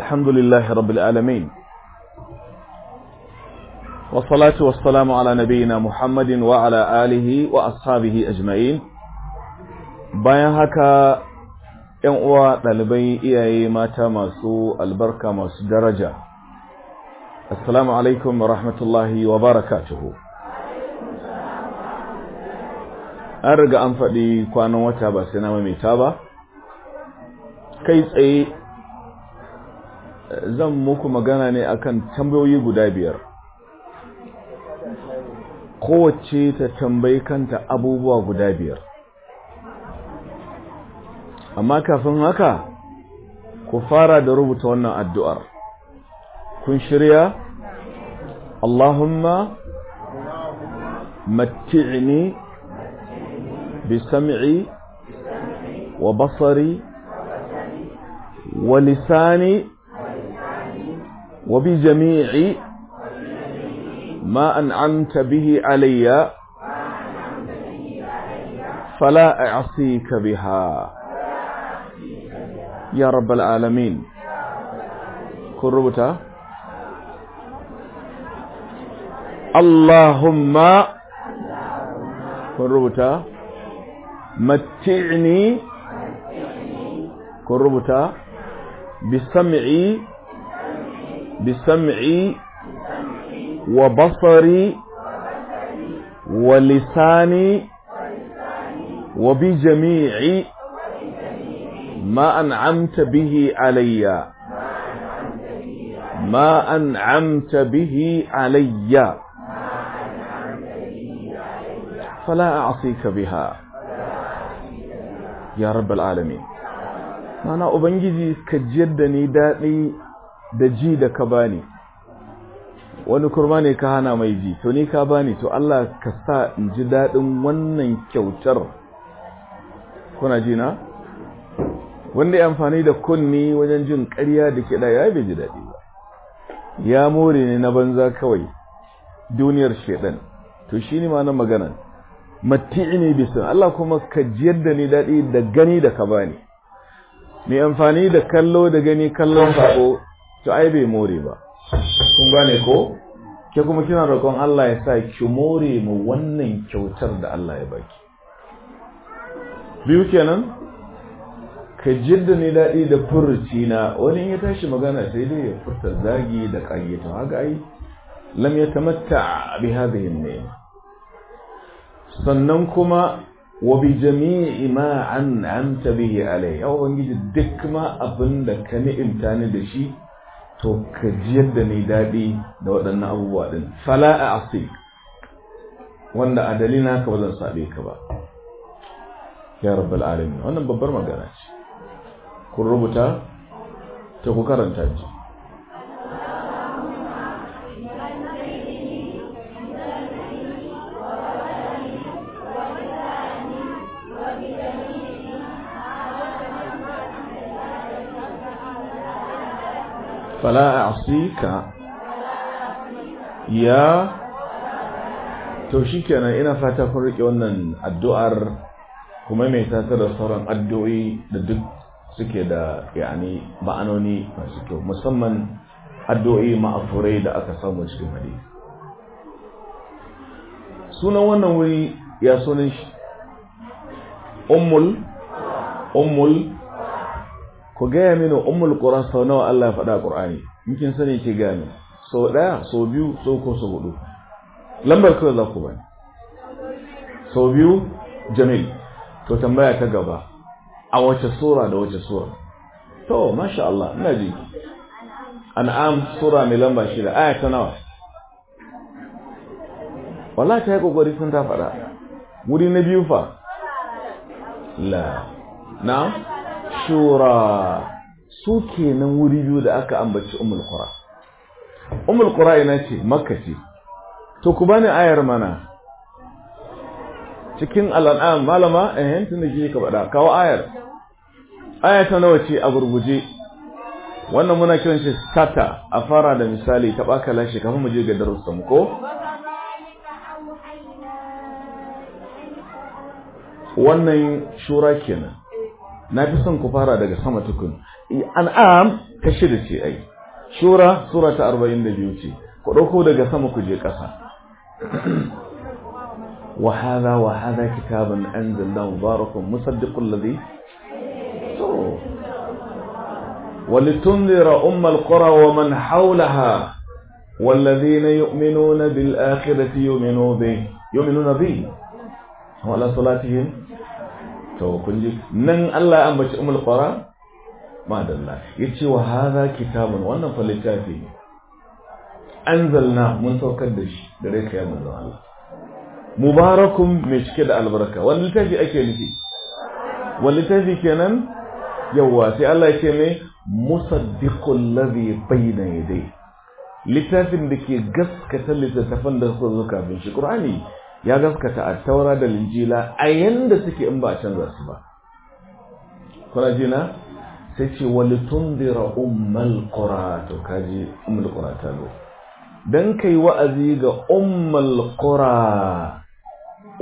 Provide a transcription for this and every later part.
الحمد لله رب العالمين والصلاة والسلام على نبينا محمد وعلى آله وأصحابه أجمعين بيان هكا ينقوى للبي إيه ما تمسو البركة درجة السلام عليكم ورحمة الله وبركاته أرجع أنفق لي كوانو وتابا سنامي تابا كيف أي zan muku magana ne akan tambayoyi guda biyar kowace ta tambayi kanta abubuwa guda biyar amma kafin haka ku fara da rubuta wannan addu'ar kun shirya Allahumma mattiini bi sam'i wa basari wa lisani وبجميع ما أنعمت به علي فلا أعصيك بها يا رب العالمين كن اللهم كربتا متعني كربتا بسمعي بسمعي وبصري ولساني وبجميع ما أنعمت به علي ما أنعمت به علي فلا أعصيك بها يا رب العالمين أنا أبنجي كجدني دائي da ji da ka bani wani kurma ne ka hana mai ji to ni ka bani to Allah ka sa in ji daɗin wannan kyautar kuna ji na wanda ya amfani da kunni wajen jin ƙarya da kiɗa ya bai ji daɗi ba ya more ne na banza kawai duniyar shaɗan to shi ne ma'anar magana ne bisan Allah kuma ka jiyar da ni daɗi da gani da ka bani mai amfani da kallo da gani kallon saƙo to ai bai more ba kun gane ko ke kuma kina roƙon Allah ya sa ki more mu wannan kyautar da Allah ya baki biyu kenan ka jidda ni daɗi da furuci na wani ya tashi magana sai dai ya furta zagi da ƙayyata haka ai lam ya tamatta bi hadhihi ne sannan kuma wa bi jami'i ma an amta bihi alai ya ubangiji duk ma abin da ka ni'imta ni da shi to ka ji yadda ni daɗi da waɗannan abubuwa ɗin fala a wanda a dalilin ka ba zan saɓe ka ba ya rabbal alamin wannan babbar magana ce kun rubuta ta ku karanta ji fala asika ya to shikenan ina fata kun rike wannan addu'ar kuma mai tata sauran addu'o'i da duk suke da yani ma'anoni masu kyau musamman addu'o'i ma'afurai da aka samu cikin hadisi sunan wannan wuri ya sunan shi ummul ummul ku gaya mini ummul qura sau nawa Allah ya faɗa a in kin sani ki gaya sau ɗaya sau biyu sau ko sau hudu lambar kawai za ku bani sau biyu jamil to tambaya ta gaba a wace sura da wace sura to masha Allah ina ji an'am sura mai lamba shida aya ta nawa wala ta yi kokari sun ta faɗa wuri na biyu fa la na'am shura su kenan wuri biyu da aka ambaci umul qura umul qura ina ce makka ce to ku bani ayar mana cikin al'an'am malama a eh, tun da ke ka bada kawo ayar Ayar ta nawa ce a gurguje wannan muna kiran shi sata a fara da misali ta baka lashe kafin mu je ga darussan ko wannan shura kenan na fi son ku fara daga sama tukun an'am ta shida ce ai shura sura ta arba'in da ce ku ɗauko daga sama ku je ƙasa وهذا وهذا كتاب أنزلناه مبارك مصدق الذي ولتنذر أم القرى ومن حولها والذين يؤمنون بالآخرة يؤمنون به يؤمنون به وعلى صلاتهم to kun ji nan Allah ya ambaci umul qura madalla yace wa hadha kitabun wannan fa littafi ne anzalna mun saukar da shi da rai kai manzon Allah mubarakun mai cike da albarka wani littafi ake nufi wani littafi kenan yawwa sai Allah ya ce mai musaddiqul ladhi bayna yadayhi littafin da ke gaskata littattafan da suka zo kafin shi Qur'ani ya gaskata a taura da linjila a yanda suke in ba a canza su ba kuna ji na sai ce wani tundira umar qura to kaji umar qura ta lo dan kai wa'azi ga umar qura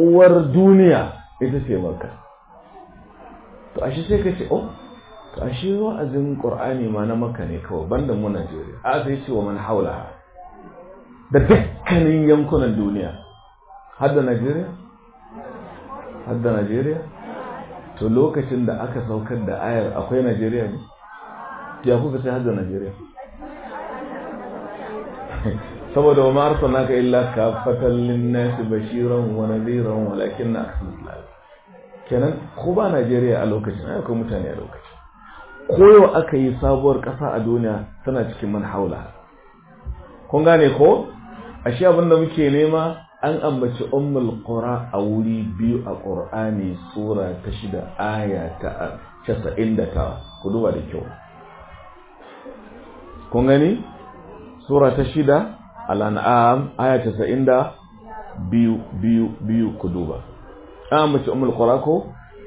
uwar duniya ita ce maka to ashe sai ka ce oh to ashe wa'azin qur'ani ma na maka ne kawai banda mu Najeriya a sai ce wa man haula da dukkanin yankunan duniya har da Najeriya? har da Najeriya? to lokacin da aka saukar da ayar akwai Najeriya ne? ya kuka sai har da Najeriya saboda wa ma'arsa ka illa ka fatallin nasi bashiran wa nadiran walakin na aksisla kenan ko ba Najeriya a lokacin akwai mutane a lokacin koyo aka yi sabuwar ƙasa a duniya tana cikin manhaula kun gane ko ashe abinda muke nema an ambaci ummul qura a wuri biyu a qur'ani sura ta shida aya ta 99 ku duba da kyau kun gani sura ta shida al'an'am aya aya 90 biyu biyu biyu ku duba an ambaci ummul qura ko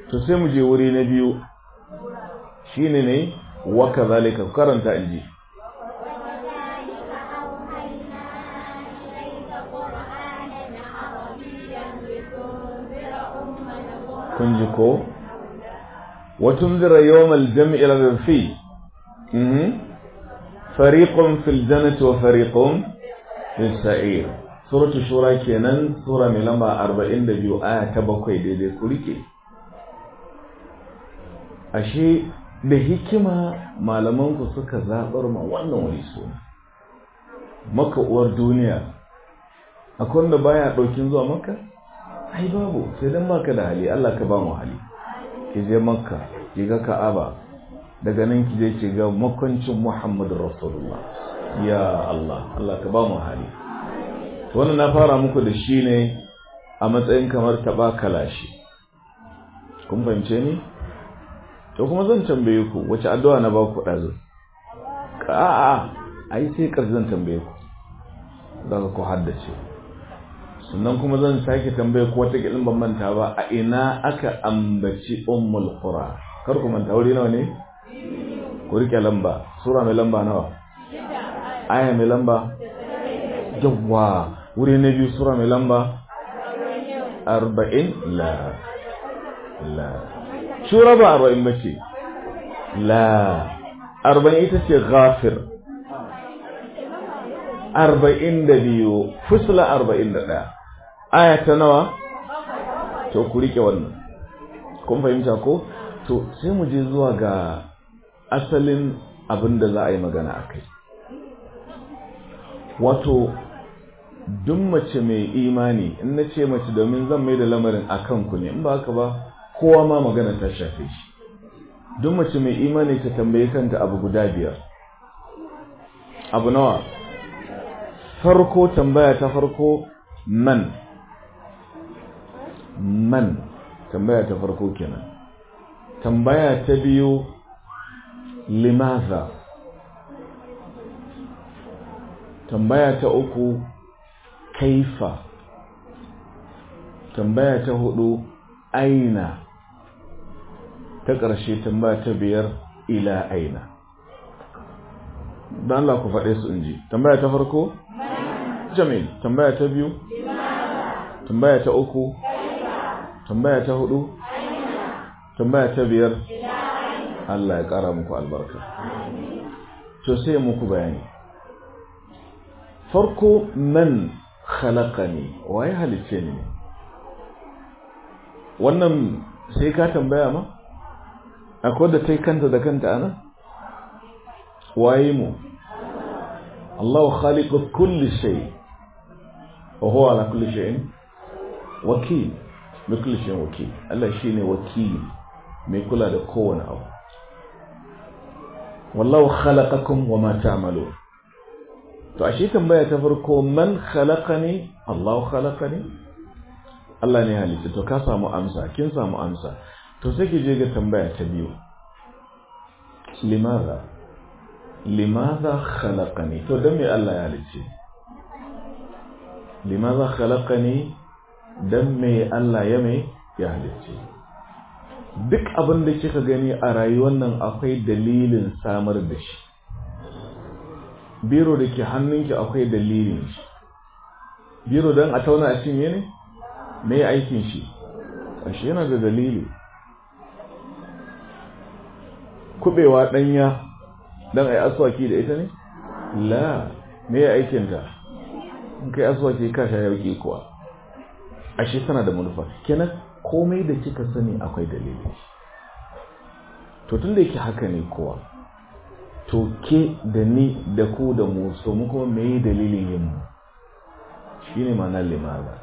to sai mu je wuri na biyu shine ne wa kadhalika karanta inji kun ji ko watun zira yawmal jam'i ila fi fariqun fil jannati wa fariqun fil sa'ir suratu shura kenan sura mai lamba 42 aya ta bakwai daidai ku rike ashe da hikima malamanku suka zaɓar ma wannan wani suna maka uwar duniya akwai wanda baya ɗaukin zuwa maka ai babu sai dan baka da hali Allah ka ba mu hali ki je makka ki ga ka'aba daga nan ki je ki ga makwancin Muhammadu Rasulullah ya Allah Allah ka ba mu hali wannan na fara muku da shi ne a matsayin kamar taba kalashi kun fahimce ni to kuma zan tambaye ku wace addu'a na ba ku dazu a'a ai sai kar zan tambaye ku za ku haddace sannan kuma zan sake tambaya ko wata kilin ban manta ba a ina aka ambaci ummul qura kar ku manta wuri nawa ne ku rike lamba sura mai lamba nawa aya mai lamba yawwa wuri na biyu sura mai lamba arba'in la la sura ba arba'in ba ce la arba'in ita ce ghafir arba'in da biyu fusla arba'in da ɗaya aya ta nawa to ku rike wannan kun fahimta ko to sai mu je zuwa ga asalin abin da za a yi magana a kai wato duk mace mai imani in na ce mace domin zan mai da lamarin a kanku ne in ba haka ba kowa ma magana ta shafe shi duk mace mai imani ta tambaye kanta abu guda biyar abu nawa farko tambaya ta farko man man tambaya ta farko kenan tambaya ta biyu limaza tambaya ta uku kaifa tambaya ta hudu aina ta ƙarshe tambaya ta biyar ila aina don Allah ku faɗe su ji tambaya ta farko Jami'in, tambaya ta biyu tambaya ta uku tambaya ta hudu tambaya ta biyar Allah ya kara muku albarka to sai muku bayani farko man khalaqani waye halice ni wannan sai ka tambaya ma akwai da tai kanta da kanta ana waye mu Allah khaliqu kulli shay wa huwa ala kulli shay'in wakil misali shi wakil Allah shi ne wakili mai kula da kowane abu wallahu khalaqakum wa ma ta'malun to ashe tambaya ta farko man khalaqani Allah khalaqani Allah ne halitta to ka samu amsa kin samu amsa to sai ki je ga tambaya ta biyu limaza limaza khalaqani to dan me Allah ya halitta limaza khalaqani dan me Allah ya mai ya halicce duk abin da kika gani a rayuwar nan akwai dalilin samar da shi biro da ke hannunki akwai dalilin shi biro don a tauna a cinye ne me aikin shi ashe yana da dalili kubewa danya don a yi aswaki da ita ne la me aikinta in kai aswaki ka sha yauki kuwa ashe tana da manufa kenan komai da kika sani akwai dalili to tunda yake haka ne kowa to ke da ni da ku da mu so mu kuma me dalilin yin mu shine ma'anar limaza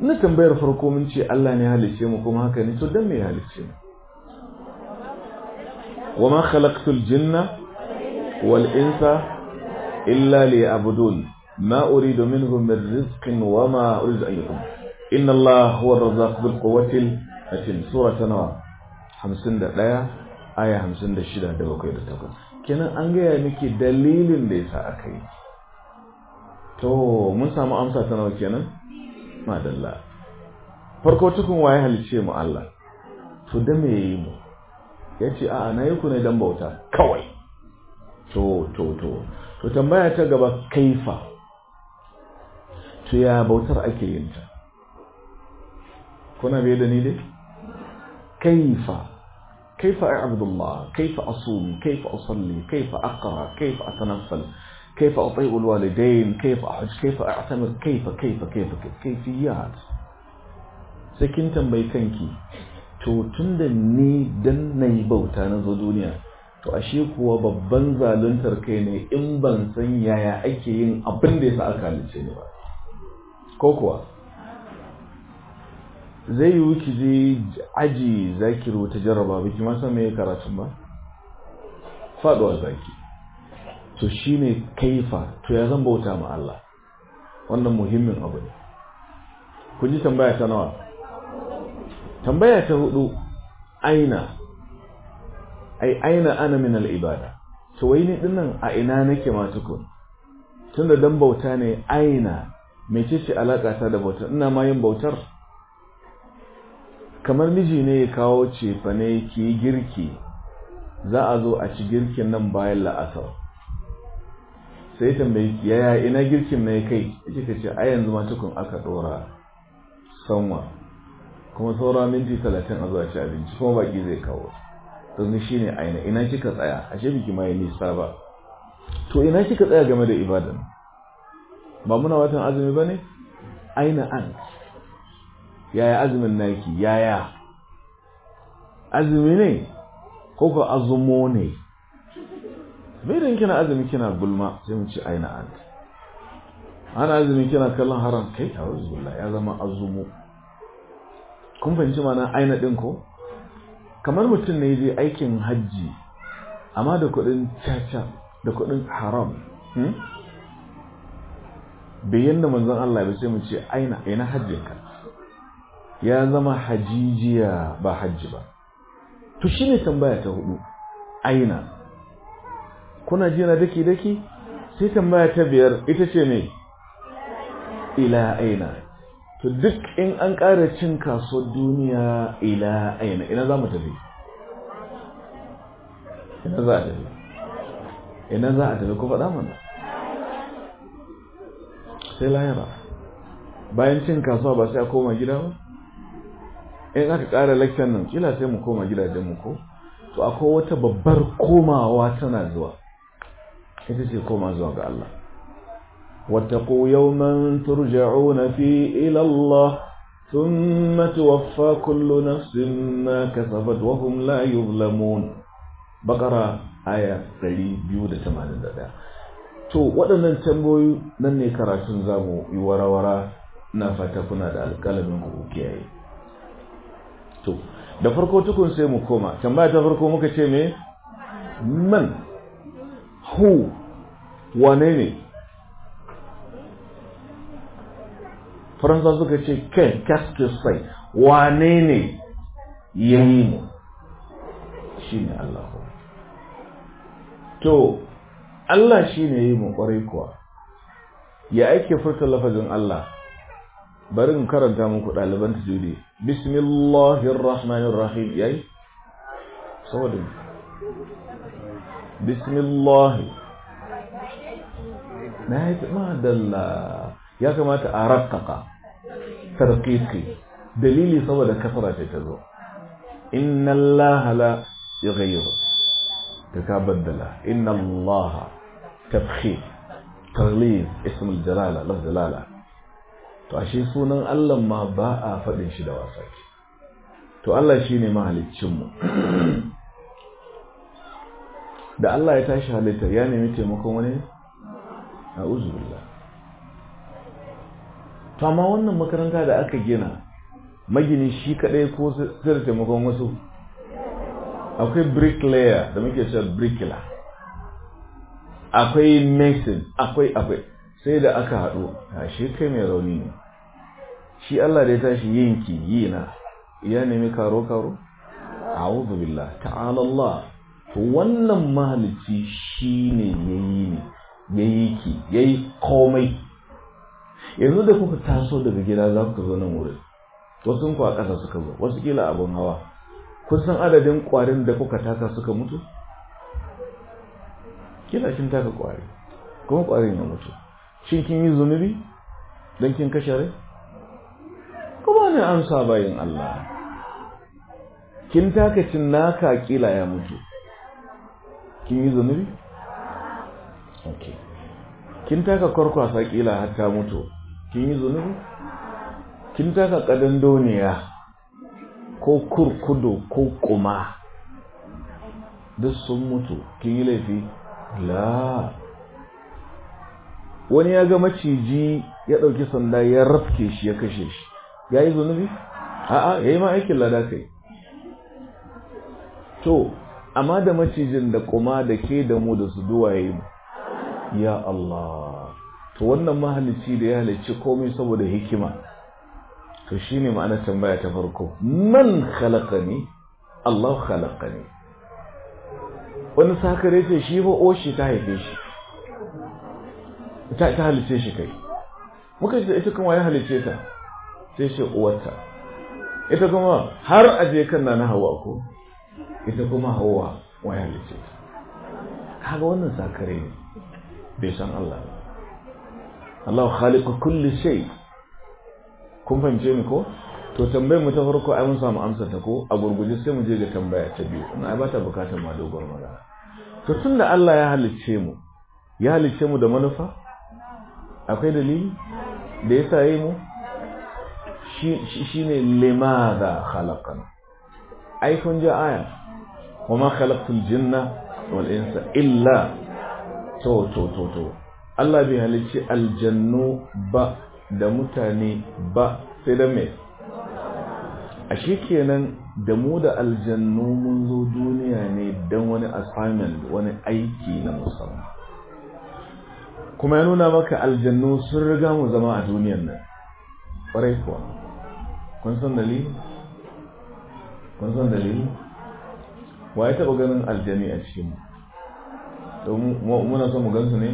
na tambayar farko mun ce Allah ne halice mu kuma haka ne to dan me halice mu wa ma khalaqtul jinna wal insa illa liya'budun ma uridu minhum min rizqin wa ma uridu an inna Allah huwa razzaq bil quwwatil atin sura ta nawa 51 aya 56 da 7 da 8 kenan an gaya miki dalilin da yasa aka yi to mun samu amsa ta nawa kenan madalla farko tukun waye halice mu Allah to da me yayi mu yace a'a nayi ku ne dan bauta kawai to to to to tambaya ta gaba kaifa to ya bautar ake yin ta كنا بيدني لي إيه؟ كيف كيف أعبد الله كيف أصوم كيف أصلي كيف أقرأ كيف أتنفل كيف أطيع الوالدين كيف أحج كيف أعتمر كيف كيف كيف كيف كيف كيف سكين تنبيتنكي تو تندني دن نيبو تانزو دنيا to ashe kuwa babban zaluntar kai ne in ban san yaya ake yin abin da ya sa aka halice ni ba ko kuwa zai yi wuki je aji zaki rubuta jarraba biki masa mai karatun ba Faɗuwa zaki to shine kaifa to ya zan bauta ma Allah wannan muhimmin abu ne ku ji tambaya ta nawa tambaya ta hudu aina ai aina ana min al-ibada to wai ni dinnan a ina nake ma tukun tunda dan bauta ne aina mecece alaka ta da bautar ina ma yin bautar kamar miji ne ya kawo cefa ne ke girki za a zo a ci girkin nan bayan la'asar sai tambayi ki yaya ina girkin mai kai ka ce a yanzu ma tukun aka dora sanwa kuma saura minti talatin a zuwa ci abinci kuma baki zai kawo domin shi ne aina ina kika tsaya A shi biki ma yi nisa ba to ina kika tsaya game da ibadan ba muna watan azumi ba ne aina an yaya azumin naki yaya azumi ne ko ko azumo ne me da kina azumi kina gulma sai mu ci aina an ana azumi kina kallon haram kai a ya zama azumo kun fahimci mana aina din ko kamar mutum ne yaje aikin hajji amma da kudin caca da kudin haram hmm? bayan da manzon Allah ya ce mu ce aina ina hajjinka ya zama hajijiya ba hajji ba to shi ne tambaya ta hudu aina kuna jina daki-daki sai tambaya ta biyar ita ce ne ila aina to duk in an ƙara cin kaso duniya ila aina ina za mu tafi ina za a tafi ina za a tafi ku faɗa mana sai layara bayan cin kasuwa ba sai a koma gida ba in aka ƙara lakcan nan kila sai mu koma mu ko to akwai wata babbar komawa tana zuwa ita ce koma zuwa ga Allah wattaqu yawman turja'un fi ila Allah thumma tuwaffa kullu nafsin ma kasabat wa hum la yuzlamun bakara aya 281 to waɗannan tambayoyi nan ne karatun zamu yi warawara na fata kuna da alƙalamin ku kiyaye to da farko tukun sai mu koma tambaya ta farko muka ce me man hu wane ne faransa suka ce ken kaske sai wane ne yayi mu shi ne Allah to Allah shi ne ya yi mu kwarai kuwa ya aike furta lafazin Allah bari in karanta muku ɗaliban tajwidi bismillahir rahmanir rahim yayi saboda bismillah na yi ma dalla ya kamata a rakkaka tarqiqi dalili saboda kasara ce ta zo inna allaha la yughayyiru takabaddala inna allaha tafkhim taglib ism al jalala lafz jalala to ashe sunan Allah ma ba a faɗin shi da wasa ke to Allah shi ne mu. da Allah ya tashi halitta ya nemi taimakon wani a uzurla to amma wannan makaranta da aka gina magini shi kaɗai ko sai da taimakon wasu akwai bricklayer da muke cewa brickler akwai mason akwai akwai sai da aka haɗu a shi kai mai rauni ne shi Allah da ya tashi yinki yina ya nemi karo karo a'udhu billah ta'ala Allah to wannan mahalici ya yi ne yi ki Ya yi komai yanzu da kuka taso daga gida za ku zo nan wurin wasu ku a ƙasa suka zo wasu kila abin hawa kusan adadin ƙwarin da kuka taka suka mutu kila kin taka ƙwari kuma ƙwarin ya mutu shin kin yi zunubi don kin kashe rai an amsa bayin Allah kin taka cin naka kila ya mutu kin yi zunubi okay kin taka kwarkwasa kila har ta mutu kin yi zunubi kin taka kadan doniya ko kurkudu ko kuma duk sun mutu kin yi laifi la wani ya ga maciji ya ɗauki sanda ya rafke shi ya kashe shi ya yi zunubi a'a ya yi ma aikin lada kai to amma da macijin da kuma da ke da mu da su duwa ya yi mu ya Allah to wannan mahalicci da ya halicci komai saboda hikima to shi ne ma'ana tambaya ta farko man ne, Allah ne. wani sakare ce shi ba oshi ta haife shi ta halice shi kai muka ce ita kuma ya halice ta sai ce uwarta ita kuma har aje kan na na hawa ko ita kuma hawa waya lice kaga wannan sakare ne bai san Allah ba Allah khaliqu kulli shay kun fahimce ni ko to tambayar mu ta farko ai mun samu amsar ta ko a gurguje sai mu je ga tambaya ta biyu ina ba ta bukatar ma dogon magana to tunda Allah ya halicce mu ya halicce mu da manufa akwai dalili da yasa yayi mu shi ne limada khalaqana ai kun ji aya kuma khalaqtul jinna wal insa illa to to to to Allah bai halicci aljannu ba da mutane ba sai da mai a kenan da mu da aljannu mun zo duniya ne don wani assignment wani aiki na musamman kuma ya nuna maka aljannu sun riga mu zama a duniyar nan ƙwarai kuwa kun san dalili kun san dalili wa ya taɓa ganin aljani a cikin mu muna son mu gan su ne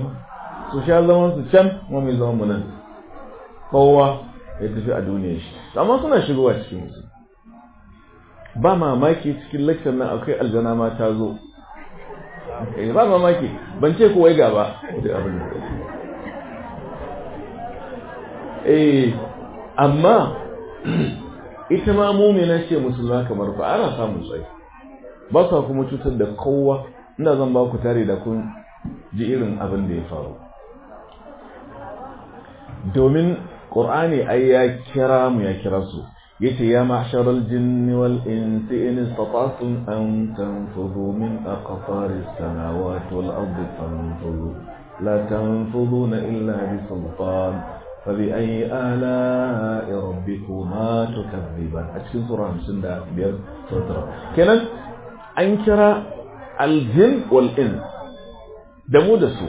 su sha zaman su can kuma mai zaman mu nan kowa ya tafi a duniya shi amma suna shigowa cikin musu ba mamaki cikin lakcin nan akwai aljana ma ta zo ba mamaki ban ce kowai ga ba abin da eh amma ita ma mumina ce musulma kamar ku ana samun tsaye. ba sa kuma cutar da kowa ina zan ba ku tare da kun ji irin abin da ya faru domin ƙur'ani ai ya kira mu ya kira su yace ya ma'sharal jinni wal insi in istata'tum an tanfudhu min wato samawati wal ardi fanfudhu la na illa bi sultan فبأي آلاء ربكما تكذبان أتكين سورة همسين دا بيار سورة رب كنان أنكر الجن والإن دمو دسو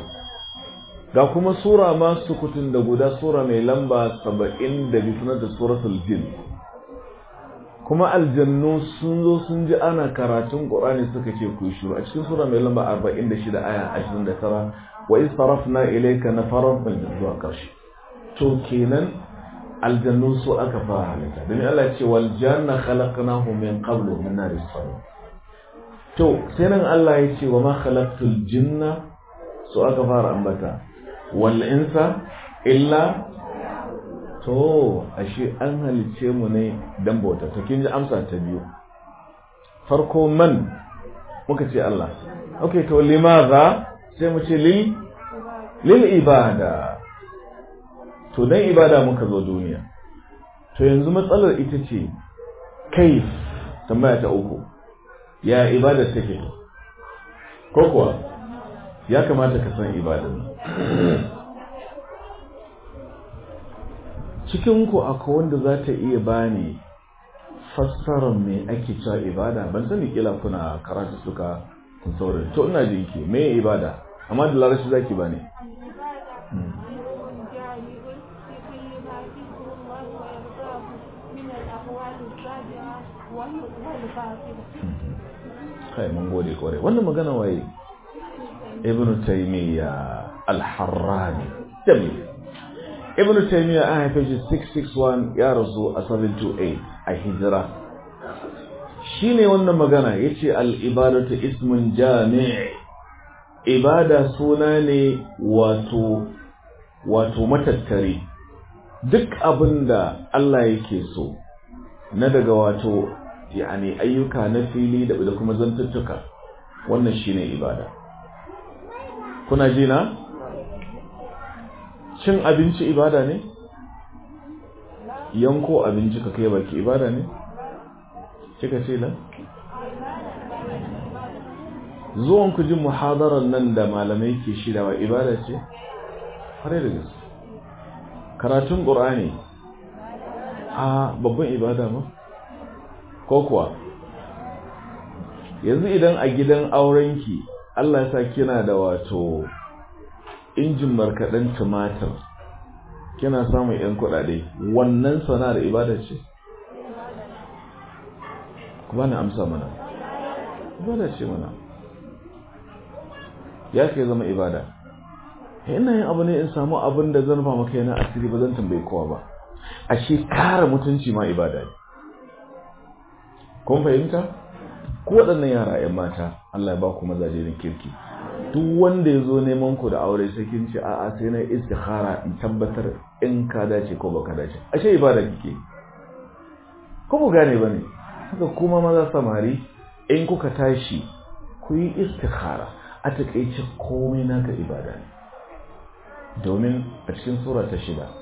ga kuma sura ma sukutun da guda sura mai lamba saba'in da bitunar da suratul jin kuma aljannu sun zo sun ji ana karatun ƙorani suka ce ku shiru a cikin sura mai lamba arba'in da shida aya ashirin da tara wa isarafna ilaika na farar zuwa ƙarshe to kenan aljannu su aka fara halitta domin Allah ce wal janna khalaqnahu min qablu min nar as to sai nan Allah ya ce wa ma khalaqtul jinna su aka fara ambata wal insa illa to ashe an halice mu ne dan bauta to kin ji amsa ta biyu farko man muka ce Allah okay to limaza sai mu ce lil lil ibada to dan ibada muka zo duniya to yanzu matsalar ita ce kai tambaya ta uku ya ibada take ko kuwa ya kamata ka san ibadar cikin ku akwai wanda za ta iya bani fassarar me ake cewa ibada ban sani kila kuna karatu suka kun saurin to ina jinki me ibada amma da larashi zaki bani hmm. kai mun gode kore wannan magana waye ibn taymiya al-harrani jamil ibn taymiya a haife shi 661 ya rasu a 728 a hijira shine wannan magana yace al-ibadatu ismun jami' ibada suna ne wato wato matattare duk abinda Allah yake so na daga wato yani ayyuka na fili da da kuma zantuttuka wannan shine ibada kuna ji na cin abinci ibada ne yanko abinci ka kai baki ibada ne kika ce na zuwan ku ji muhadarar nan da malamai ke shirawa ibada ce kare da gaske karatun qur'ani a babban ibada ma ko kuwa yanzu idan a gidan aurenki Allah ya sa kina da wato injin markaɗen tumatir kina samun 'yan kuɗaɗe wannan sana'ar ibada ce ku bani amsa mana ibada ce mana ya ke zama ibada Yana yin abu ne in samu abin da zan ba maka yana asiri ba zan tambayi kowa ba ashe kare mutunci ma ibada ne kun fahimta ku waɗannan yara 'yan mata Allah ya ba ku mazaje da kirki duk wanda ya zo neman ku da aure sai kin ce a'a sai na istikhara in tabbatar in ka dace ko baka dace ashe ibada kike ko ku gane bane haka kuma maza samari in kuka tashi ku yi istikhara a takeice komai naka ibada ne domin a cikin sura ta shida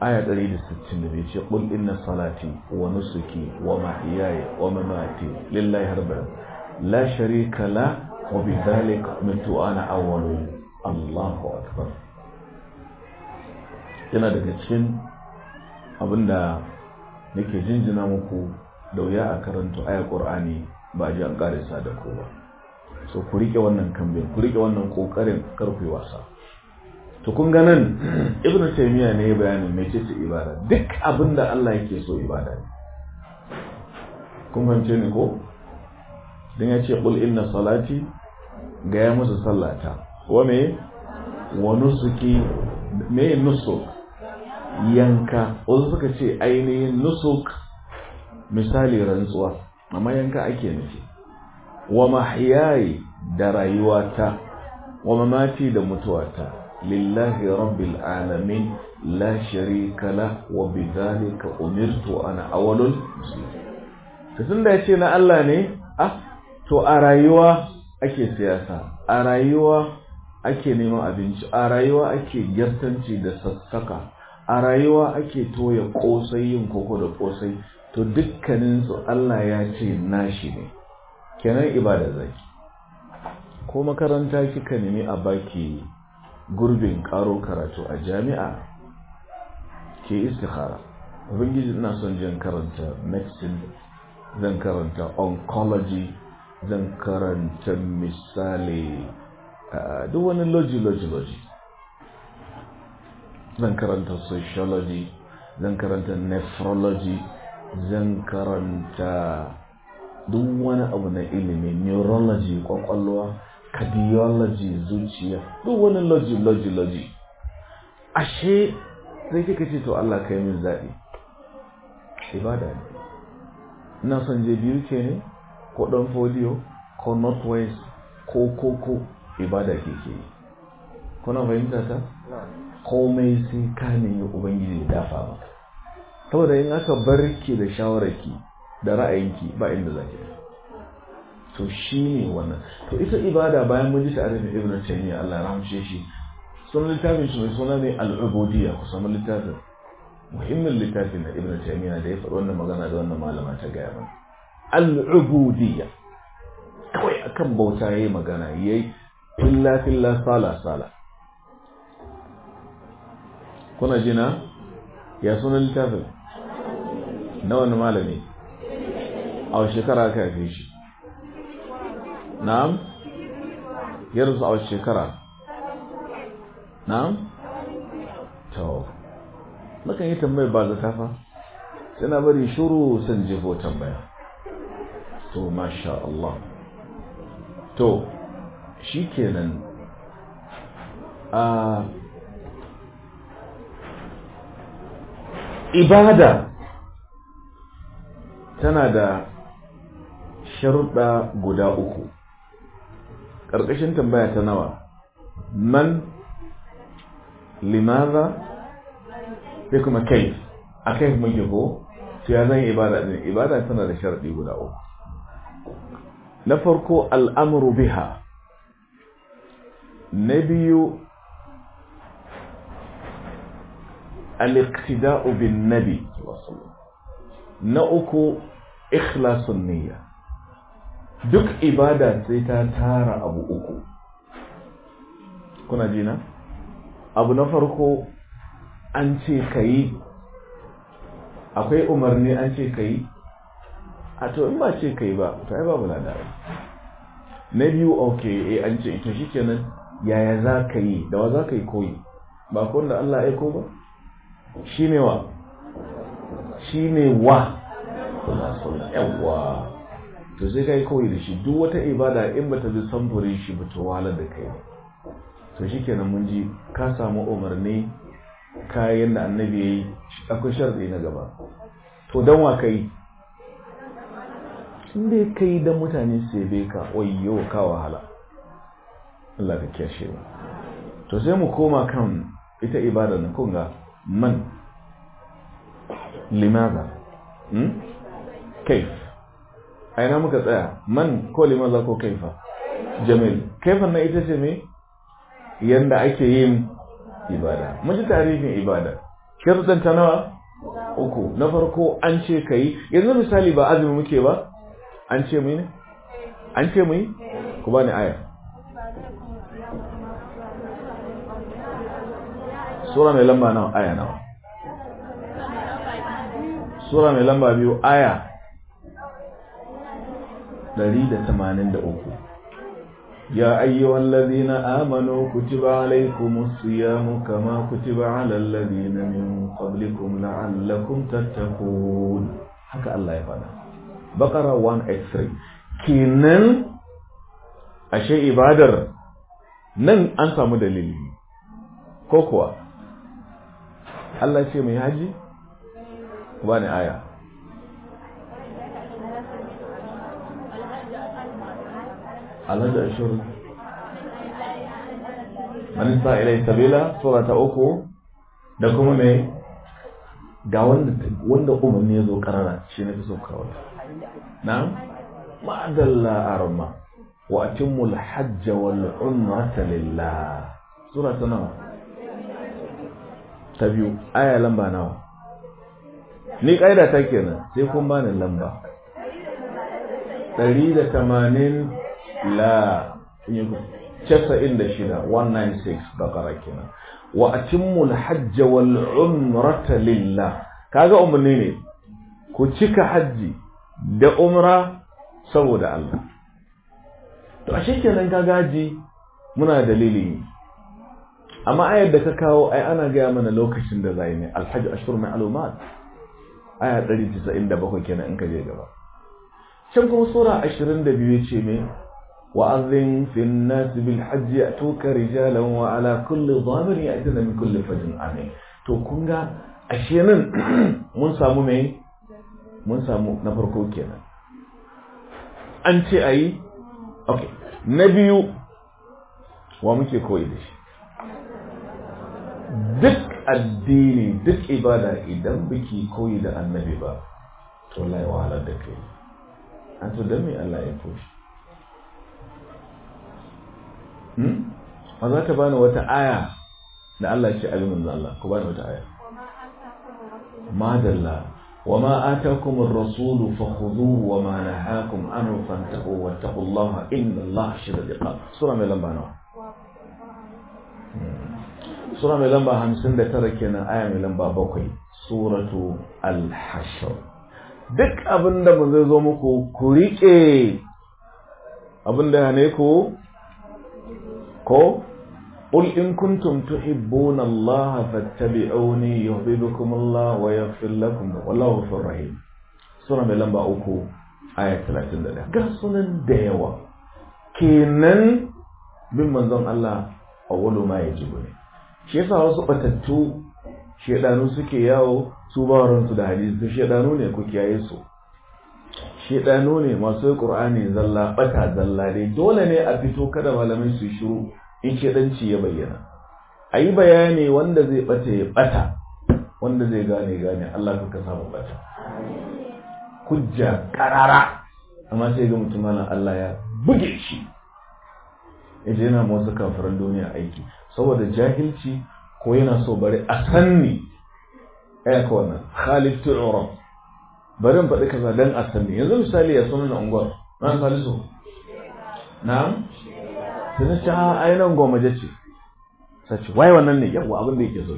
aya 162 ce sittin inna salati wa nusuki wa mahyaya wa mamati lillahi rabbil la sharika la wa bidhalika umirtu ana awwalu Allahu akbar yana daga cikin abinda nake jinjina muku da wuya a karanta ayar qur'ani ba ji an karisa da kowa so ku rike wannan kambe, ku rike wannan kokarin karfe wasa to kun ga nan ibnu taymiya ne mai mecece ibada duk abin da Allah yake so ibada ne kun fahimce ni ko dan ya ce qul inna salati ga ya musu sallata wa me wa nusuki me nusuk yanka wasu suka ce ainihin nusuk misali rantsuwa amma yanka ake nufi wa mahyayi da rayuwata wa mamati da mutuwata lillahi rabbil alamin la sharika la wa bidhalika umirtu ana awwalul muslimin to tunda yace na Allah ne ah to a rayuwa ake siyasa a rayuwa ake neman abinci a rayuwa ake gyartanci da sassaka a rayuwa ake toya ƙosai yin koko da ƙosai, to dukkaninsu Allah ya ce nashi ne kenan ibada zaki ko makaranta kika nemi a baki gurbin karo karatu a jami'a ke istikhara ubangiji ina son jan karanta medicine zan karanta oncology zan karanta misali duk wani logi-logi-logi zan karanta sociology zan karanta nephrology zan karanta duk wani abu na ilimi neurology kwakwalwa cardiology zuciya duk wani loji, loji, loji. ashe sai kika ce to Allah kai min zaɓi ibada ne ina son je biyu ke ne ko ɗan folio ko northwest ko ko ko ibada ke ke yi kuna fahimta ta komai sai ka ne ubangiji da dafa ba saboda in aka bar ki da shawararki da ra'ayinki ba inda za ki to shi ne wannan to ita ibada bayan mun ji ta arabi ibn taymiya Allah rahmace shi sun littafin shi mai suna ne al-ubudiyya ku samu littafin muhimmin littafin na ibn taymiya da ya faɗi wannan magana da wannan malama ta gaya mana al-ubudiyya kawai akan bauta yayi magana yayi illa filla sala sala kuna jina ya sunan littafin na wani malami a shekara aka fi shi na'am Yanzu a shekara na'am to nakan yi tambayar ba zata fa yana bari shuru sun jefo tambaya to masha Allah to shi kenan a ibada tana da sharuɗa guda uku ƙarƙashin tambaya ta nawa man limaza sai kuma kai a kai muke ko to ya zan ibada din ibada tana da sharadi guda uku na farko al'amru biha na biyu al-iqtida'u bin nabi na uku ikhlasun niyya duk ibada sai ta tara abu uku kuna jina abu na farko an ce ka yi akwai umarni an ce ka yi a to in ba ce ka yi ba ta yi babu ladara na biyu ok eh, an ce ita shi kenan yaya za ka yi da wa za ka yi koyi ba kun da Allah aiko ba shi ne wa shi ne wa yawwa to sai ka yi kawai da shi duk wata ibada in ba ta bi samfurin shi ba ta wahalar da kai ba to shi kenan mun ji ka samu umarni kayan da annabi ya yi akwai sharɗi na gaba to don wa kai in dai kai don mutane sai bai ka yau ka wahala Allah ka kyashe ba to sai mu koma kan ita ibada na kunga man limaza hmm? kai a yana muka tsaya man ko liman za ko kaifa jamil kaifan na ita ce me yadda ake yin ibada mun ji tarihin ibada zan ta nawa uku na farko an ce ka yi yanzu misali ba azumi muke ba an ce mu ne an ce mai yi ku ba ni aya sura mai lamba nawa aya nawa sura mai lamba biyu aya 183 يا أيها الذين آمنوا كتب عليكم الصيام mukama كتب على الذين من قبلكم لعلكم تتقون haka Allah ya faɗa bakara 183 kenan ashe ibadar nan an samu dalili ko kuwa Allah ce mai haji ba ne aya alhaji ashiru manista ilai sabila sura ta uku da kuma mai ga wanda umarni ya zo karara shi na fi so kawai na ma'adalla arma wa atimul hajja wal umrata lillah sura ta nawa ta biyu aya lamba nawa ni kaida ta kenan sai kun bani lamba 180 la casa'in da shida 196 bakara kenan wa atimmul hajja wal umrata lillah kaga umarni ne ku cika hajji da umra saboda Allah to ashe kenan kaga hajji muna dalili amma ayar da ka kawo ai ana gaya mana lokacin da zai ne alhaji ashur mai alumat aya 197 kenan in ka je gaba can kuma sura 22 ce me وأذن في الناس بالحج يأتوك رجالا وعلى كل ضامر يأتون من كل فج آمين to kun ga ashe nan mun samu na farko kenan an ce a yi ok na biyu wa muke koyi da shi duk addini duk ibada idan biki koyi da annabi ba to da Allah ya ba za ta bani wata aya da Allah ce abin manzo Allah ku bani wata aya ma dalla wa ma atakum ar-rasul fa khudhuhu wa ma nahakum anhu fantahu wattaqullaha inna Allaha shadidul iqab sura mai lamba nawa hmm. sura mai lamba 59 kenan aya mai lamba 7 suratu al duk abinda mun zai zo muku ku rike abinda ne ku ko قل إن كنتم تحبون الله فاتبعوني يهببكم الله ويغفر لكم والله غفور رحيم سورة ملنبا أوكو آية 31 قصنا ديوة كينن bin manzon Allah a wani ma ya jibo ne shi wasu batattu shedanu suke yawo su ba ransu da hadisi to shedanu ne ku kiyaye su shedanu ne masu qur'ani zalla bata zalla dai dole ne a fito kada malamai su shiru in danci ya bayyana a yi bayani wanda zai ɓata ya ɓata wanda zai gane gane Allah kuka samu ɓata Kujja ƙarara amma sai ga mutum malam Allah ya buge shi ya yana wasu kafiran duniya aiki saboda jahilci ko yana so bari a sanni ya ka wannan Khalid tu'uram bari faɗi kaza dan a sanni yanzu misali ya sunan unguwar na salisu na'am sai na ce ha ah, ai nan je ce sai ce wai wannan ne yawa abin da yake so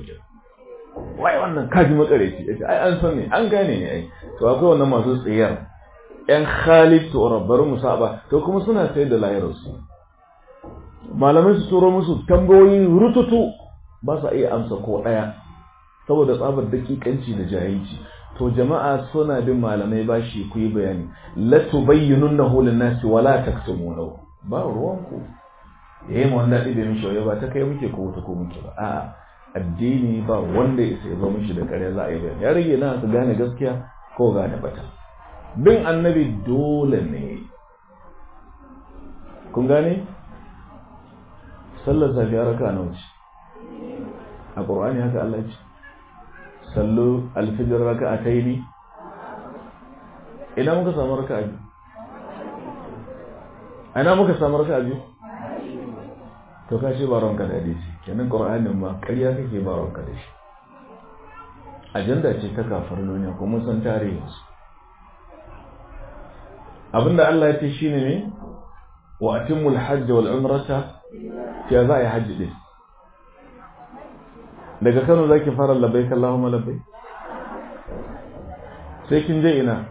wai wannan kaji makareci yace ai an san ne an gane ne ai to akwai wannan masu tsayar yan Khalid to rabbar musaba to kuma suna sayar da su. malamai su turo musu tambayoyi rututu ba sa iya amsa ko daya saboda tsabar dakikanci da jahilci to jama'a suna bin malamai bashi ku yi bayani la tubayyinunnahu lin-nasi wala la taktumunahu ba ruwanku eh mu wanda ɗi da mishi ba ta kai muke ko wata ko muke ba a'a addini ba wanda ya sai zo mishi da ƙarya za a yi ba ya rage na su gane gaskiya ko gane bata bin annabi dole ne kun gane sallar safiya raka na wuce a ƙur'ani haka Allah ce sallu alfijir raka a ta yi ina muka samu raka a biyu ina muka samu raka a biyu to ka ce baron ka da hadisi kenan qur'anin ma ƙarya kake baron ka da shi ajanda ce ta kafar duniya kuma san tarihi abinda Allah ya ce shine ne wa atimul hajj wal umrata ya za a yi hajji din daga Kano zaki fara labbaik Allahumma labbaik sai kin je ina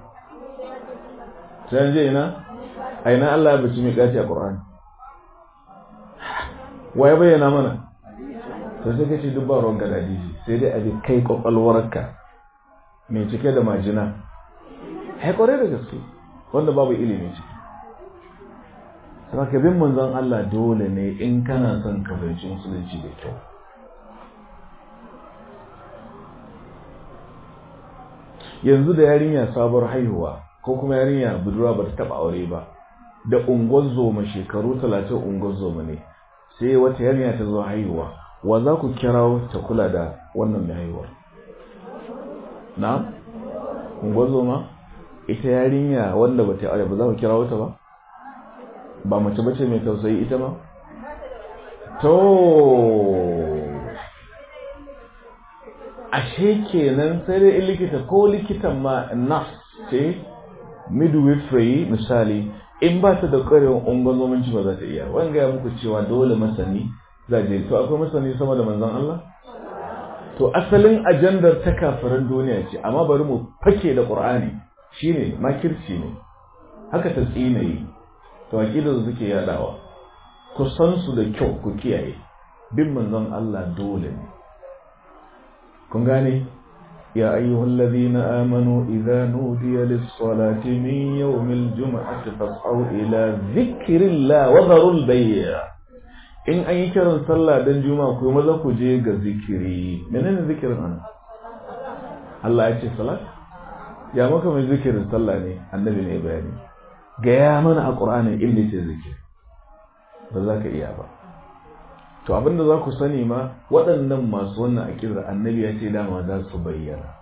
sai je ina a ina Allah ya bace miƙati a Qur'ani waye bayyana mana to sai kace duk ba ruwan gadadi sai dai abi kai kokalwarka mai cike da majina ai da gaske wanda babu ilimi ciki saka bin manzon Allah dole ne in kana son ka bayyana musulunci da kyau yanzu da yarinya sabuwar haihuwa ko kuma yarinya budurwa ba ta taba aure ba da unguwar zoma shekaru talatin unguwar zoma ne sai wata yarinya ta zo haihuwa wa za ku kirawo ta kula da wannan mai haihuwar na gwazo ma ita yarinya wanda ba ta yi ba za ku kirawo ta ba ba mace bace mai tausayi ita ma to ashe kenan sai dai likita ko likitan ma nas ce midwifery misali in ba ta da ƙwarewar ungozomanci ba za ta iya wani gaya muku cewa dole masani za je to akwai masani sama da manzan Allah to asalin ajandar ta kafirin duniya ce amma bari mu fake da ƙur'ani shine makirci ne haka ta tsina yi to da suke yadawa ku san su da kyau ku kiyaye bin manzan Allah dole ne kun gane يا أيها الذين آمنوا إذا نودي للصلاة من يوم الجمعة فاسعوا إلى ذكر الله وذروا البيع إن أي كرن صلى دن جمعة كما ذاك جيغ ذكري من أين ذكر أنا الله يأتي صلاة يا مكم ذكر صلى النبي نبياني قيامنا القرآن إبني تذكر بذلك إيابا to abinda za ku sani ma waɗannan masu wannan aƙidar annabi ya ce dama za su bayyana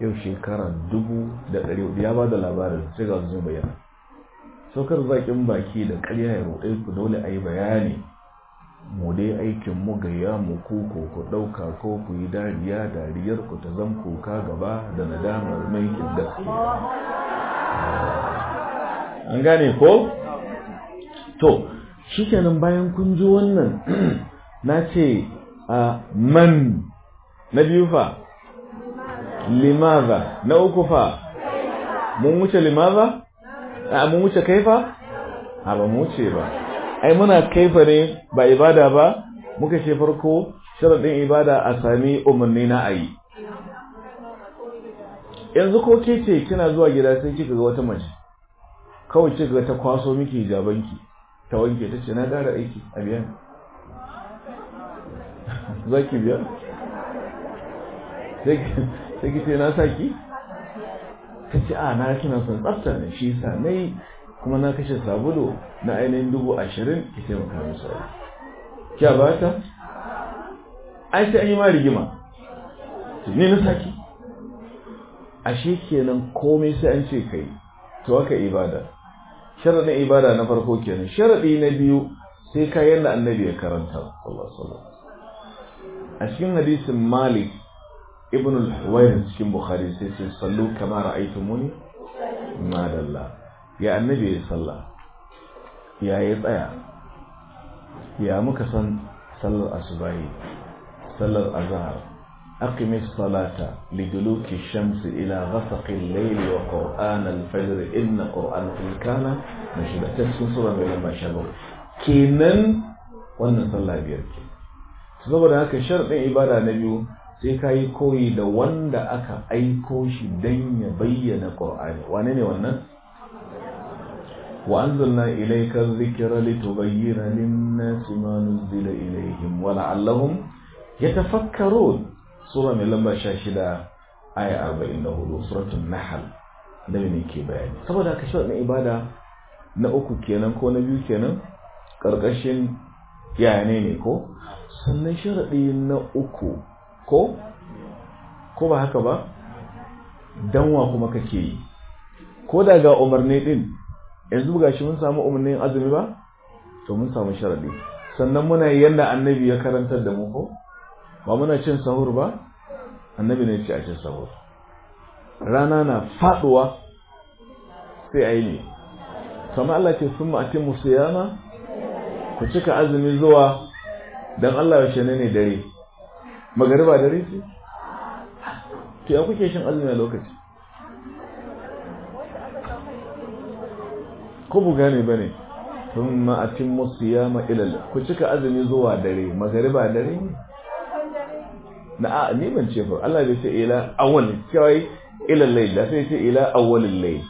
yau shekara dubu da ɗari hudu ya ba da labarin sai ga su bayyana saukar zaƙin baki da ƙarya ya roɗe ku dole a yi bayani mu dai aikin mu gaya mu ku ɗauka ko ku yi dariya dariyar ku ta zan kuka gaba da nadamar mai gaskiya an gane ko to shikenan bayan kun ji wannan na ce a man na biyu fa limaza na uku fa mun wuce limaza a mun wuce kaifa a ba mun wuce ba ai muna kaifa ne ba ibada ba muka ce farko sharaɗin ibada a sami umarni na ayi yanzu ko ke ce kina zuwa gida sai kika ga wata mace kawai kika ga ta kwaso miki jabanki ta wanke ta ce na dara aiki a biya za ki biya sai ki ce na sa ki ta ce a na kina son tsafta ne shi sa na yi kuma na kashe sabulu na ainihin dubu ashirin ki taimaka musu aiki kya ba ta ai sai an yi ma rigima ne na saki ashe kenan komai sai an ce kai to haka ibada sharaɗin ibada na farko kenan sharaɗi na biyu sai ka yadda annabi ya karanta a cikin hadisin malik ibn al-huwairin cikin bukhari sai sai sallu kama ra'aitu muni madalla ya annabi ya salla ya yi tsaya ya muka san sallar asubahi sallar azhar أقم الصلاة لدلوك الشمس إلى غسق الليل وقرآن الفجر إن قرآن الفجر كان مشهودا تسكن صلاة بلا ما شابه كينن وأن صلاة بيرك سبب هناك شرق عبارة نبيو سيكا يكوي دوان أكا أي كوش دين بيّن قرآن وانيني وانا وأنزلنا إليك الذكر لتبين للناس ما نزل إليهم ولعلهم يتفكرون sura mai lamba sha shida aya arba'in da hudu suratun nahal da ne ke bayani saboda haka shi ibada na uku kenan ko na biyu kenan ƙarƙashin yane ne ko sannan sharaɗi na uku ko ko ba haka ba danwa kuma kake yi ko da ga umarni din yanzu ga shi mun samu umarnin azumi ba to mun samu sharaɗi sannan muna yi yadda annabi ya karantar da mu ko ba muna cin sahur ba annabi ne ce a cin sahur rana na faduwa sai a yi ne kama Allah ke sun ma'atin musu yana ku cika azumi zuwa don Allah yaushe ne ne dare magariba dare ce to ya kuke shin azumi a lokaci ko bu gane ba ne sun ma'atin musu yana ilal ku cika azumi zuwa dare magariba dare ne na a ni ban ce farko Allah ya ce ila awwal kai ila layl da sai ce ila awwalil layl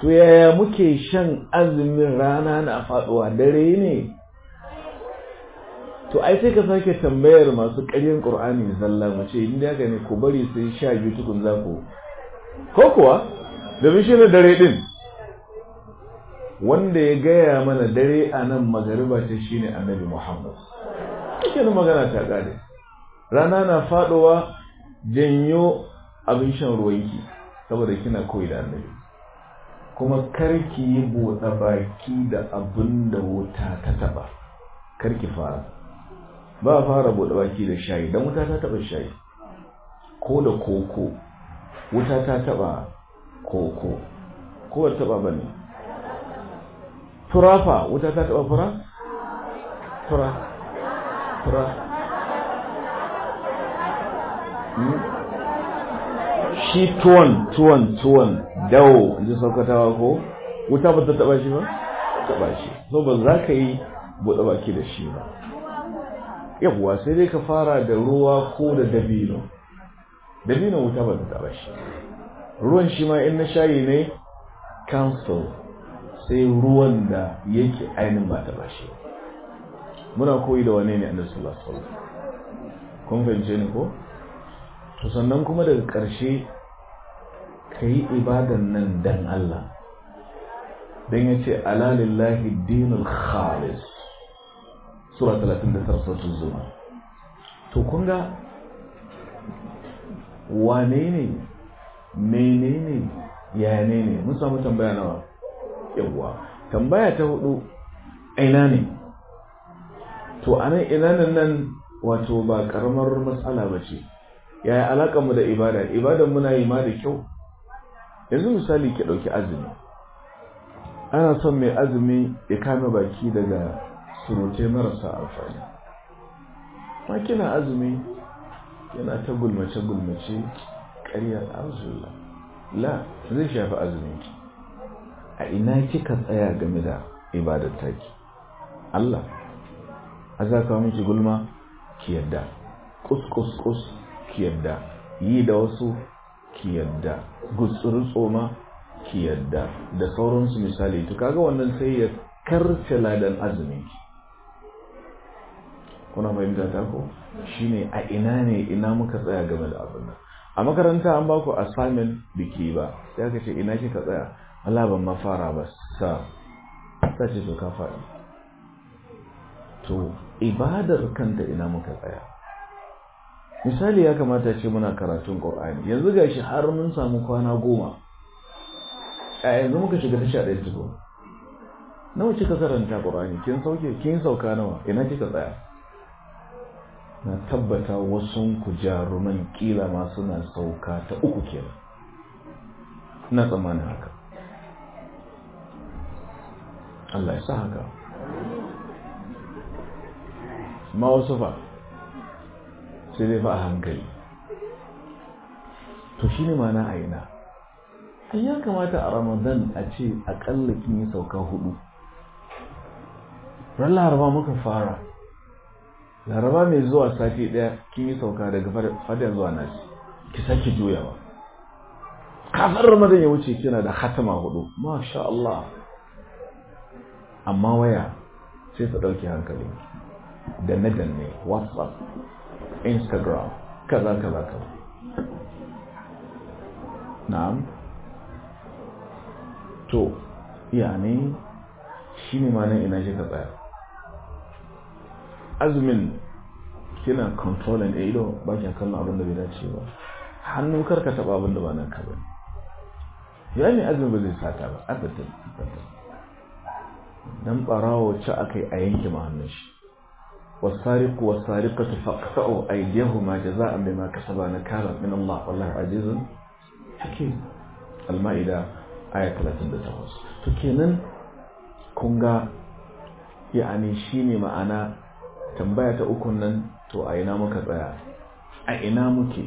to yaya muke shan azumin rana na faduwa dare ne to ai sai ka sake tambayar masu ƙaryan Qur'ani zalla mu ce in da ne ku bari sai sha biyu tukun zaku. ko kuwa da shi ne dare din wanda ya gaya mana dare a nan magariba ta shine annabi Muhammad. Kike magana ta gane. rana na faɗowa janyo abin shan ruwanki saboda kina koyi da annabi kuma karki yi buɗe baki da abin da wuta ta taɓa karki fara ba fara buɗe baki da shayi don wuta ta taɓa shayi ko da koko wuta ta taɓa koko ko ba taɓa ba ne fura fa wuta ta taɓa fura fura fura shi tuwon tuwon tuwon dawo ji saukatawa ko wuta ba ta taba shi ba taba shi so ba za ka yi buɗe baki da shi ba yabuwa sai dai ka fara da ruwa ko da dabino dabino wuta ba ta taba shi ruwan shi ma in na shayi ne cancel sai ruwan da yake ainihin ba ta bashi muna koyi da wane ne annabi sallallahu alaihi wasallam kun fahimce ni ko to sannan kuma daga ƙarshe ka yi ibadan nan dan Allah don ya ce alalillahi dinul khalis sura 39 sautin zuma to kun ga wane ne mene ne ya ne ne? mun samu tambaya nawa yawwa tambaya ta hudu aina ne to anan inanin nan wato ba karamar matsala ba ce yaya alaƙar mu da ibada ibada muna yi ma da kyau yanzu misali ki ɗauki azumi ana son mai azumi ya kame baki daga surutai marasa amfani ma kina azumi yana ta gulmace gulmace ƙaryar arzula la zai shafi azumin ki a ina kika tsaya game da ibadar taki Allah a za ka miki gulma ki yadda kus kus kus ki yi da wasu ki yadda tsoma ki yadda da sauransu misali to kaga wannan sai ya karce ladan azumin ki kuna fahimta ta ko ne a ina ne ina muka tsaya game da abin nan a makaranta an baku assignment biki ba sai aka ce ina kika tsaya Allah ban ma fara ba sa ta ce to ka faɗi to ibadar kanta ina muka tsaya misali ya kamata ce muna karatun ƙor'ani yanzu ga shi har mun samu kwana goma a yanzu muka shiga tasha ɗaya cikin nawa kika karanta ƙor'ani kin sauke kin sauka nawa ina kika tsaya na tabbata wasu ku jaruman kila ma suna sauka ta uku kenan na tsammanin haka Allah ya sa haka ma wasu fa sai dai ba a hankali to shi ne mana a ina ai ya kamata a ramadan a ce aƙalla kin yi sauka hudu ran laraba muka fara laraba mai zuwa safi ɗaya kin yi sauka daga fadar zuwa nasi ki sake juyawa kafin ramadan ya wuce kina da hatama hudu masha Allah amma waya sai ta ɗauki hankali danne-danne whatsapp instagram kaza kaza kaza na'am to yani shi ne ma ina shi ka tsaya azumin kina controlling a ido ba ki kallon abin da bai dace ba hannu kar ka taba abin da ba nan ka bane ya ne azumin ba zai sata ba abadan dan barawo ci akai a yanke ma hannun shi والسارق والسارقة فاقطعوا أيديهما جزاء بما كسبا نكالا من الله والله عزيز حكيم المائدة آية 38 فكينن كونغا يعني شيني معنا tambaya ta ukun nan to a ina muka tsaya a ina muke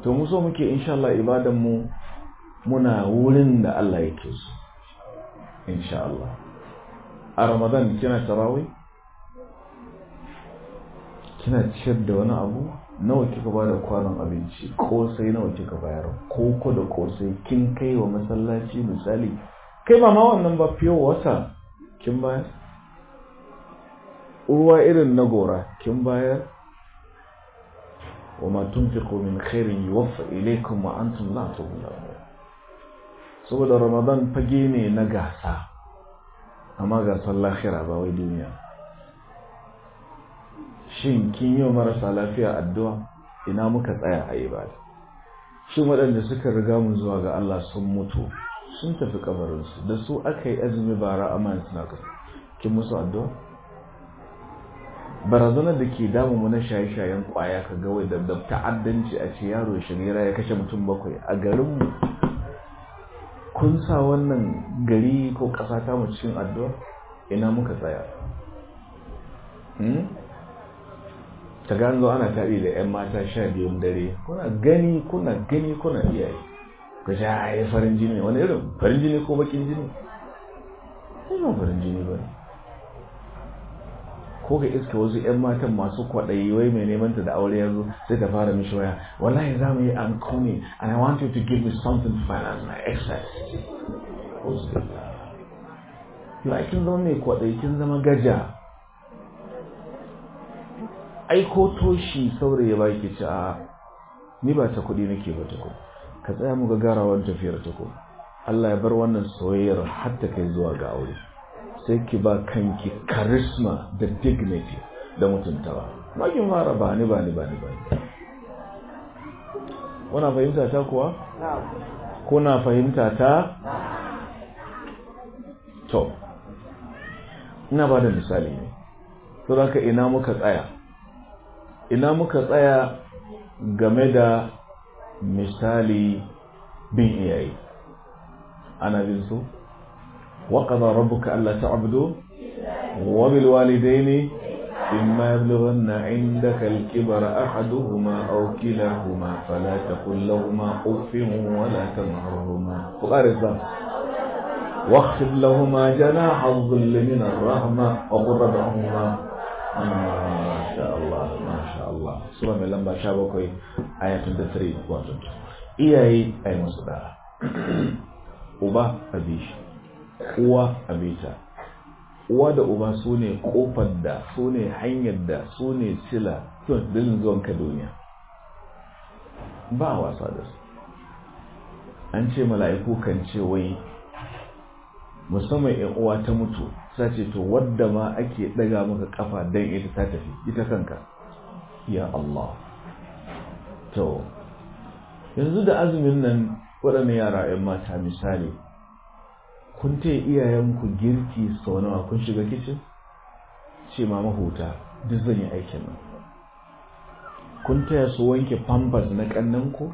to mu so muke insha Allah ibadan mu muna wurin da Allah yake so insha Allah a Ramadan kina tarawih kina ciyar da wani abu nawa kika ba da kwanon abinci kosai nawa kika bayar koko da kosai kin kai wa masallaci misali kai ba ma wannan ba fiye wata kin bayar ruwa irin na gora kin bayar wa ma tunfiqu min khairin yuwaffa ilaykum wa antum la tuzlamun saboda ramadan fage ne na gasa amma gasar lahira ba wai duniya shin kin yi marasa lafiya addu'a ina muka tsaya a ibada shin waɗanda suka riga mu zuwa ga Allah sun mutu sun tafi kabarinsu da su aka yi azumi bara amma suna kasa kin musu addu'a barazanar da ke damu mu na shaye-shayen kwaya ka ga da da ta'addanci a ce yaro shirira ya kashe mutum bakwai a garin mu kun sa wannan gari ko kasa ta mu cikin addu'a ina muka tsaya hmm? ta gano ana taɗi da 'yan mata sha biyun dare kuna gani kuna gani kuna iyaye ka sha ya farin jini wani irin farin jini ko bakin jini ba farin jini ba ko ka iska wasu 'yan matan masu kwaɗayi wai mai neman ta da aure yanzu sai ta fara mishi waya wallahi za mu yi an ne and I want you to give me something to finance my excess yau kin zama mai kwaɗayi kin zama gaja Aiko toshi saurayi ya ke ci a ni ba ta kuɗi nake ba tuko ka tsaya mu gagarawan tafiyar tuko Allah ya bar wannan soyayyar har ta kai zuwa ga aure sai ki ba kanki charisma da dignity da mutuntawa ba ki fara ba ni ba ni ba ni ba ni fahimta ta kuwa? kuna fahimta ta? to ina ba da misali ne to ka ina muka tsaya ina muka tsaya game da misali bin iyaye ana bin su waƙada rabbuka Allah ta'abdu wa إما يبلغن عندك الكبر أحدهما أو كلاهما فلا تقل لهما أف ولا تنهرهما وقارثا واخفض لهما جناح الظل من الرحمة وقل ربعهما ما شاء الله sura mai lamba bakwai a da aya 23 wato iyaye a yi masu dara uba a bi shi uwa a bi ta uwa da uba su ne kofar da su ne hanyar da su ne sila tun dalin zuwan ka duniya ba wasa da su an ce mala'iku kan ce wai musamman 'yan uwa ta mutu sace to wadda ma ake daga maka kafa dan ita ta tafi ita kanka ya Allah to yanzu da azumin nan waɗannan yara 'yan mata misali kun taya iyayenku girki sau nawa kun shiga kicin ce ma mahuta duk zan yi aikin nan kun taya su wanke pampers na ku?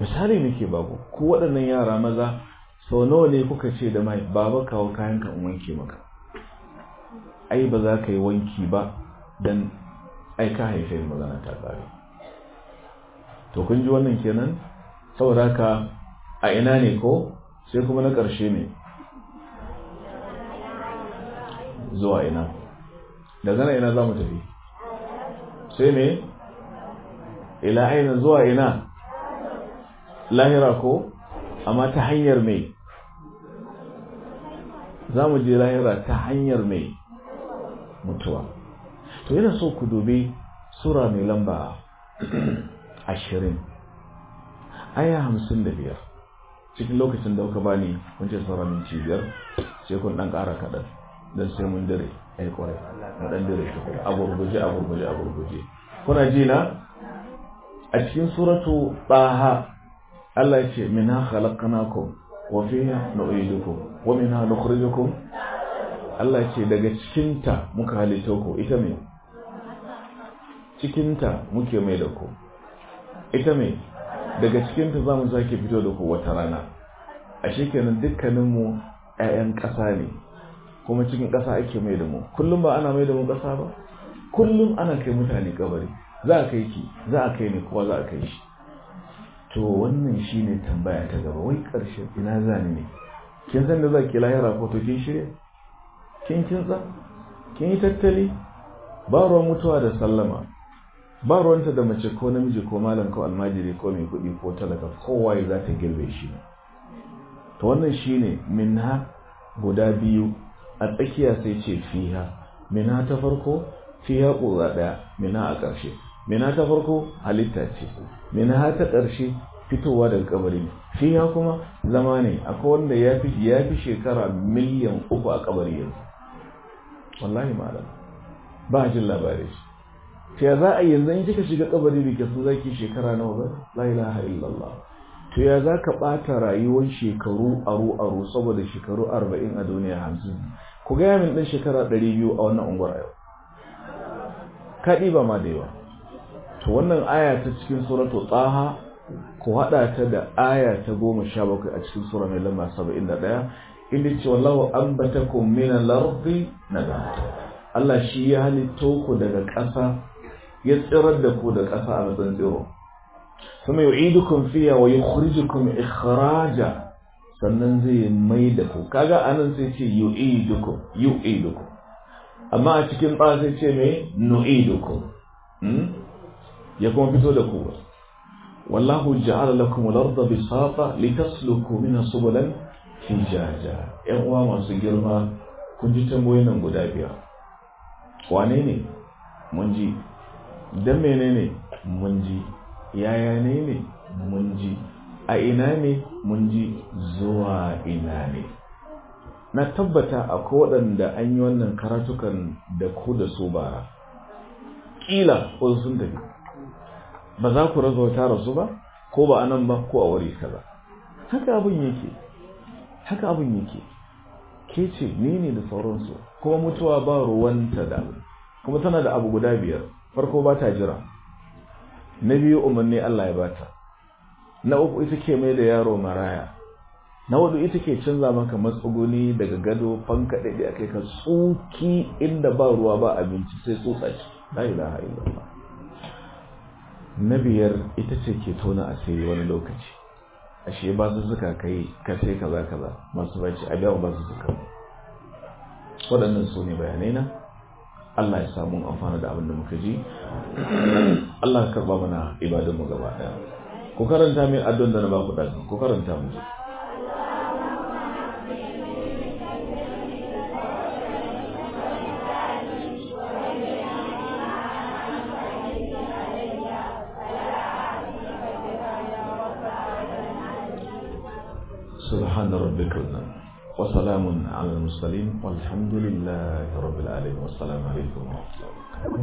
misali nake babu ku waɗannan yara maza sau nawa ne kuka ce da mai baba kawo kayan ka in wanke maka ai ba za ka yi wanki ba dan ai ka haife ni magana ta ƙare to kun ji wannan kenan saboda ka a ina ne ko sai kuma na ƙarshe ne zuwa ina da zana ina za mu tafi sai ne ila aina zuwa ina lahira ko amma ta hanyar mai za mu je lahira ta hanyar mai mutuwa to yana so ku dubi sura mai lamba ashirin aya hamsin da biyar cikin lokacin da kuka bani kun ce sauran cibiyar, biyar sai kun dan ƙara kaɗan don sai mun dire ai kwarai na dan dire shi a gurguje a gurguje a gurguje kuna ji na a cikin suratu ɗaha Allah ya ce mina khalaqnakum wa fiha nu'idukum wa minha nukhrijukum Allah ce daga cikinta muka halitta ku ita me cikinta muke mai da ku ita me daga cikinta za mu zaki fito da ku wata rana a dukkanin dukkaninmu 'ya'yan ƙasa ne kuma cikin ƙasa ake mai da mu kullum ba ana mai da mu ƙasa ba kullum ana kai mutane kabari za a kai ki za a kai ne kuma za a kai shi to wannan shine tambaya ta gaba wai ƙarshen ina zane ne kin san da za ki lahira ko to kin shirya kin tsa kin yi tattali ba ruwan mutuwa da sallama ba ruwanta da mace ko namiji ko malam ko almajiri ko mai kuɗi ko talaka kowa ya za ta girbe shi ne to wannan shi ne minha guda biyu a tsakiya sai ce fiha minha ta farko fiha ƙura ɗaya minha a ƙarshe minha ta farko halitta ce minha ta ƙarshe fitowa daga kabari fiha kuma zama ne akwai wanda ya fi shekara miliyan uku a kabari yanzu wallahi malam ba jin labarin shi ya za a yanzu in kika shiga kabari da ke za ki shekara nawa ba la ilaha illallah to ya za ka ɓata rayuwar shekaru aro aro saboda shekaru arba'in a duniya hamsin ku gaya min ɗan shekara ɗari biyu a wannan unguwar yau ka ba ma da yawa to wannan aya ta cikin suratu tsaha ku haɗa ta da aya ta goma sha bakwai a cikin sura mai lamba saba'in da ɗaya inda ce wallahu ambatakum min al-ardi nabata Allah shi ya halitto ku daga ƙasa ya tsirar da ku da ƙasa a matsayin tsiro kuma yu'idukum fiha wa yukhrijukum ikhraja sannan zai mai da ku kaga anan sai ce yu'idukum yu'idukum amma a cikin ba sai ce me nu'idukum ya kuma fito da ku wallahu ja'ala lakum al-arda bisata litasluku minha subulan hujaja yan uwa masu girma kun ji tamboyin nan guda biyar wane ne mun ji dan ne mun ji yaya ne ne mun ji a ina ne mun ji zuwa ina ne na tabbata akwai waɗanda an yi wannan karatukan da ku da su ba ƙila ko sun tafi ba za ku razauta rasu ba ko ba nan ba ko a wuri kaza haka abin yake haka abin yake ke ce ne ne da sauransu kuma mutuwa ba ruwanta da kuma tana da abu guda biyar farko ba ta jira na biyu umarni Allah ya bata na uku ita ke mai da yaro maraya na wadu ita ke canza maka matsuguni daga gado fanka ɗaiɗe a kai ka tsuki inda ba ruwa ba abinci sai tsutsa ce la ilaha illallah na biyar ita ce ke tona sai wani lokaci ashe ba su suka kai ka sai kaza kaza masu bacci a biya ba su suka waɗannan su ne bayanai na Allah ya samu amfana da abin da muka ji Allah ya karba mana ibadunmu gaba ɗaya ku karanta min addon da na ba ku ɗaga ku karanta mu عند ربك النار وسلام على المرسلين والحمد لله رب العالمين والسلام عليكم ورحمة الله وبركاته